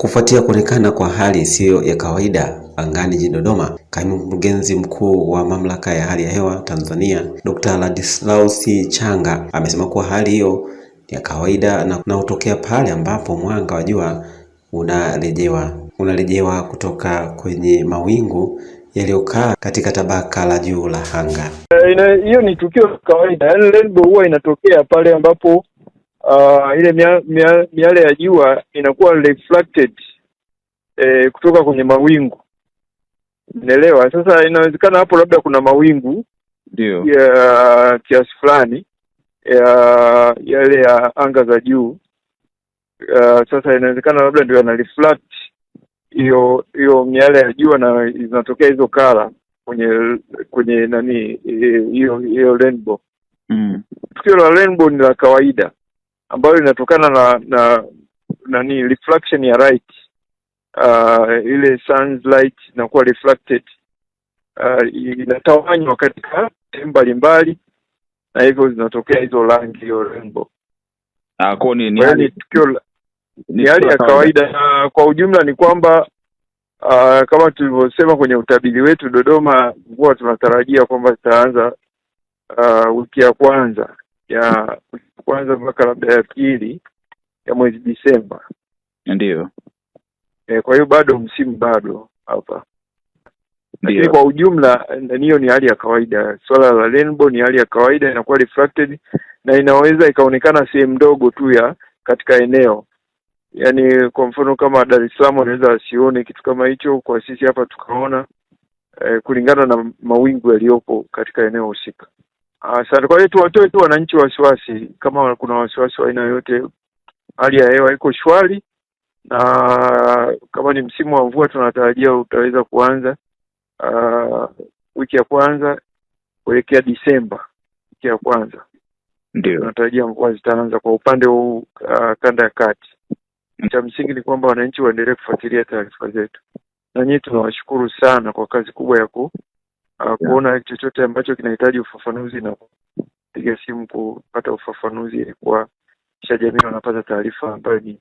Kufuatia kuonekana kwa hali isiyo ya kawaida angani jijini Dodoma, kaimu mkurugenzi mkuu wa mamlaka ya hali ya hewa Tanzania Dr. Ladislaus Changa amesema kuwa hali hiyo ya kawaida na, na hutokea pale ambapo mwanga wa jua unarejewa unarejewa kutoka kwenye mawingu yaliyokaa katika tabaka la juu la anga. Eh, hiyo ni tukio la kawaida, yaani rainbow huwa inatokea pale ambapo uh, ile miale mia, mia ya jua inakuwa reflected eh, kutoka kwenye mawingu unaelewa. Sasa inawezekana hapo labda kuna mawingu ndio ya kiasi fulani ya yale ya anga za juu uh, sasa inawezekana labda ndio yana reflect hiyo hiyo miale ya jua na zinatokea hizo kala kwenye kwenye nani hiyo hiyo rainbow mm. Tukio la rainbow ni la kawaida ambayo inatokana na na nani reflection ya light uh, ile sunlight inakuwa reflected uh, inatawanywa katika sehemu mbalimbali na hivyo zinatokea hizo rangi, hiyo rainbow. Kwa yaani ni ni hali ya kawaida. Kwa ujumla ni kwamba uh, kama tulivyosema kwenye utabiri wetu Dodoma, huwa tunatarajia kwamba zitaanza uh, wiki ya kwanza ya kwanza mpaka labda ya pili ya mwezi Disemba. Ndiyo. E, eh, kwa hiyo bado msimu bado hapa, lakini kwa ujumla hiyo ni hali ya kawaida. Swala la rainbow ni hali ya kawaida, inakuwa refracted na inaweza ikaonekana sehemu ndogo tu ya katika eneo yaani kwa mfano kama Dar es Salaam anaweza asione kitu kama hicho, kwa sisi hapa tukaona eh, kulingana na mawingu yaliyopo katika eneo husika. Ah, Asante. Kwa hiyo tuwatoe tu wananchi wasiwasi, kama kuna wasiwasi wa aina yoyote, hali ya hewa iko shwari, na kama ni msimu wa mvua tunatarajia utaweza kuanza uh, wiki ya kwanza kuelekea Disemba, wiki ya kwanza ndio tunatarajia mvua zitaanza kwa upande huu uh, kanda ya kati. Cha msingi ni kwamba wananchi waendelee kufuatilia taarifa zetu, na nyinyi tunawashukuru sana kwa kazi kubwa ya ku Ah, yeah. Kuona chochote ambacho kinahitaji ufafanuzi na kupiga simu kupata ufafanuzi, kwa kisha jamii wanapata taarifa ambayo ni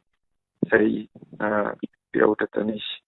sahihi na bila utatanishi.